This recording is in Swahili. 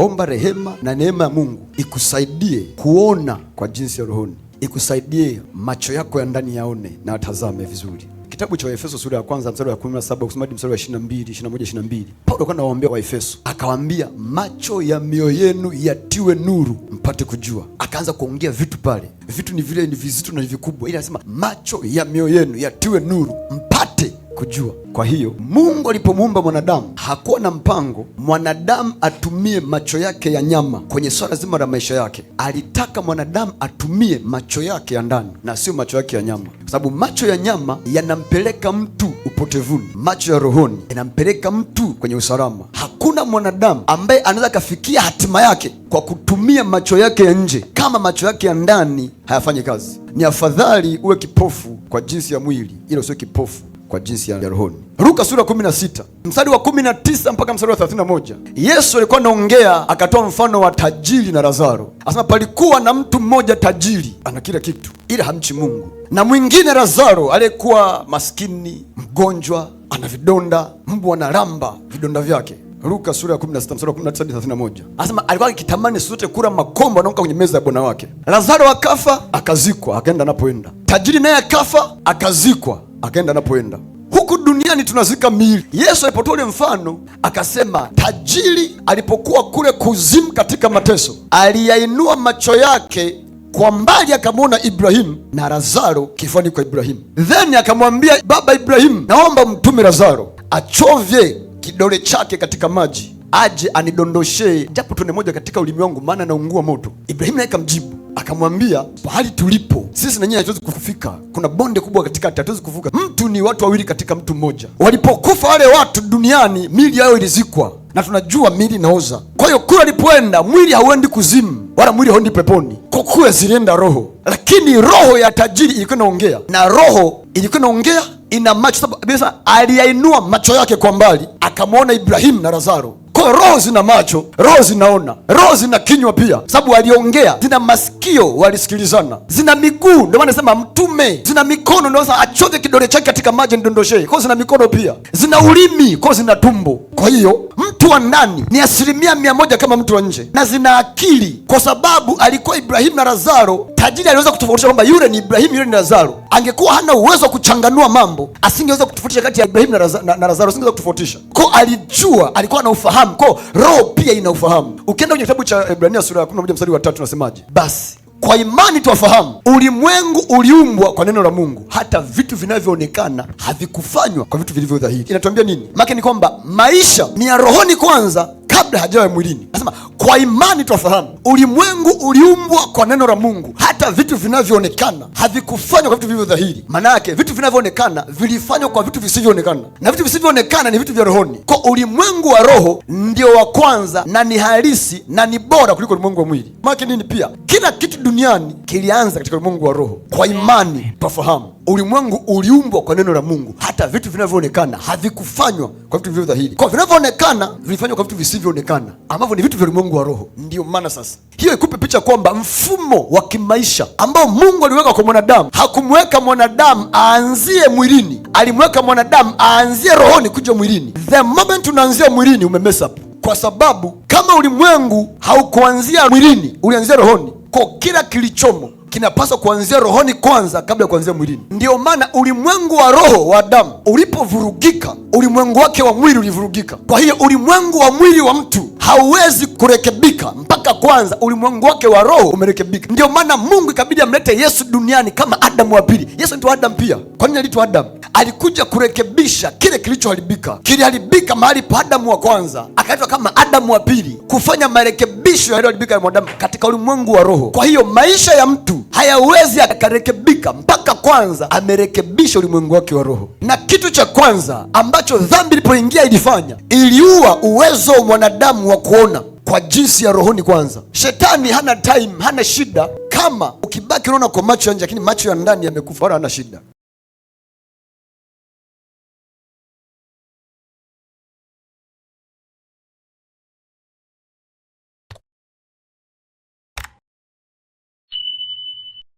Omba rehema na neema ya Mungu ikusaidie kuona kwa jinsi ya rohoni, ikusaidie macho yako ya ndani yaone na watazame vizuri. Kitabu cha Waefeso sura ya kwanza mstari wa 17 ukisoma hadi mstari wa 22, 21, Paulo alikuwa anawaambia Waefeso, akawaambia macho ya mioyo yenu yatiwe nuru mpate kujua. Akaanza kuongea vitu pale, vitu ni vile ni vizito na vikubwa, ili anasema macho ya mioyo yenu yatiwe nuru mpate kujua. Kwa hiyo Mungu alipomuumba mwanadamu hakuwa na mpango mwanadamu atumie macho yake ya nyama kwenye swala zima la maisha yake. Alitaka mwanadamu atumie macho yake ya ndani na sio macho yake ya nyama, kwa sababu macho ya nyama yanampeleka mtu upotevuni, macho ya rohoni yanampeleka mtu kwenye usalama. Hakuna mwanadamu ambaye anaweza akafikia hatima yake kwa kutumia macho yake ya nje kama macho yake ya ndani hayafanyi kazi. Ni afadhali uwe kipofu kwa jinsi ya mwili, ila sio kipofu kwa jinsi ya rohoni. Luka sura 16 mstari wa 19 mpaka mstari wa 31. Yesu alikuwa anaongea akatoa mfano wa tajiri na Lazaro, Anasema palikuwa na mtu mmoja tajiri, ana kila kitu, ila hamchi Mungu, na mwingine Lazaro aliyekuwa maskini, mgonjwa, ana vidonda, mbwa na analamba vidonda vyake. Luka sura ya 16 mstari wa 19 hadi 31. Anasema alikuwa akitamani siku zote kula makombo anaoka kwenye meza ya bwana wake. Lazaro akafa akazikwa, akaenda anapoenda. Tajiri naye akafa akazikwa akaenda anapoenda huku duniani tunazika miili. Yesu alipotoa ule mfano akasema, tajiri alipokuwa kule kuzimu katika mateso, aliyainua macho yake kwa mbali akamwona Ibrahimu na Lazaro kifuani kwa Ibrahimu, then akamwambia baba Ibrahimu, naomba mtume Lazaro achovye kidole chake katika maji aje anidondoshee japo tone moja katika ulimi wangu, maana naungua moto. Ibrahimu naye kamjibu akamwambia, pahali tulipo sisi nanyewe hatuwezi kufika, kuna bonde kubwa katikati, hatuwezi kuvuka. Mtu ni watu wawili katika mtu mmoja. Walipokufa wale watu duniani, mili yao ilizikwa, na tunajua mili inaoza. Kwa hiyo kule alipoenda mwili hauendi kuzimu, wala mwili hauendi peponi, kwa kuwa zilienda roho. Lakini roho ya tajiri ilikuwa inaongea, na roho ilikuwa inaongea, ina macho. Sababu aliyainua macho yake kwa mbali, akamwona Ibrahimu na Lazaro. Kwa roho zina macho, roho zinaona, roho zina kinywa pia, sababu waliongea, zina masikio, walisikilizana, zina miguu, ndio maana nasema mtume, zina mikono, ndio sasa achoke kidole chake katika maji nidondoshee, kwa zina mikono pia, zina ulimi, kwa zina tumbo, kwa hiyo mtu wa ndani ni asilimia mia moja kama mtu wa nje, na zina akili, kwa sababu alikuwa Ibrahimu na Lazaro. Tajiri aliweza kutofautisha kwamba yule ni Ibrahimu, yule ni Lazaro. Angekuwa hana uwezo wa kuchanganua mambo, asingeweza kutofautisha kati ya Ibrahimu na, na, na Lazaro, asingeweza kutofautisha ko, alijua, alikuwa na ufahamu ko, roho pia ina ufahamu. Ukienda kwenye kitabu cha Ibrania sura ya 11 mstari wa tatu, nasemaje? Basi kwa imani twafahamu ulimwengu uliumbwa kwa neno la Mungu, hata vitu vinavyoonekana havikufanywa kwa vitu vilivyo dhahiri. Inatuambia nini? make ni kwamba maisha ni ya rohoni kwanza kabla hajawe mwilini. Nasema kwa imani twafahamu ulimwengu uliumbwa kwa neno la Mungu, hata vitu vinavyoonekana havikufanywa kwa vitu vilivyo dhahiri. Maana yake vitu vinavyoonekana vilifanywa kwa vitu visivyoonekana, na vitu visivyoonekana ni vitu vya rohoni. Kwa ulimwengu wa roho ndio wa kwanza na ni halisi na ni bora kuliko ulimwengu wa mwili. Maana nini? Pia kila kitu duniani kilianza katika ulimwengu wa roho. Kwa imani twafahamu ulimwengu uliumbwa kwa neno la Mungu, hata vitu vinavyoonekana havikufanywa kwa vitu vilivyo dhahiri, kwa vinavyoonekana vilifanywa kwa vitu visivyoonekana ambavyo ni vitu vya ulimwengu wa roho. Ndiyo maana sasa hiyo ikupe picha kwamba mfumo wa kimaisha ambao Mungu aliweka kwa mwanadamu, hakumweka mwanadamu aanzie mwilini, alimweka mwanadamu aanzie rohoni kuja mwilini. The moment unaanzia mwilini umemesa, kwa sababu kama ulimwengu haukuanzia mwilini, ulianzia rohoni, kwa kila kilichomo kinapaswa kuanzia rohoni kwanza kabla ya kuanzia mwilini. ndio maana ulimwengu wa roho wa Adamu ulipovurugika, ulimwengu wake wa mwili ulivurugika. Kwa hiyo ulimwengu wa mwili wa mtu hauwezi kurekebika mpaka kwanza ulimwengu wake wa roho umerekebika. ndio maana Mungu ikabidi amlete Yesu duniani kama Adamu wa pili. Yesu aliitwa Adamu pia. Kwa nini aliitwa Adamu? Alikuja kurekebisha kile kilichoharibika. Kiliharibika mahali pa Adamu wa kwanza, akaitwa kama Adamu wa pili kufanya marekebisho marekebisho yaliyoharibika ya mwanadamu katika ulimwengu wa roho. Kwa hiyo maisha ya mtu hayawezi akarekebika mpaka kwanza amerekebisha ulimwengu wake wa roho, na kitu cha kwanza ambacho dhambi ilipoingia ilifanya, iliua uwezo wa mwanadamu wa kuona kwa jinsi ya rohoni. Kwanza shetani hana time, hana shida kama ukibaki unaona kwa macho ya nje, lakini macho ya ndani yamekufa, wala hana shida.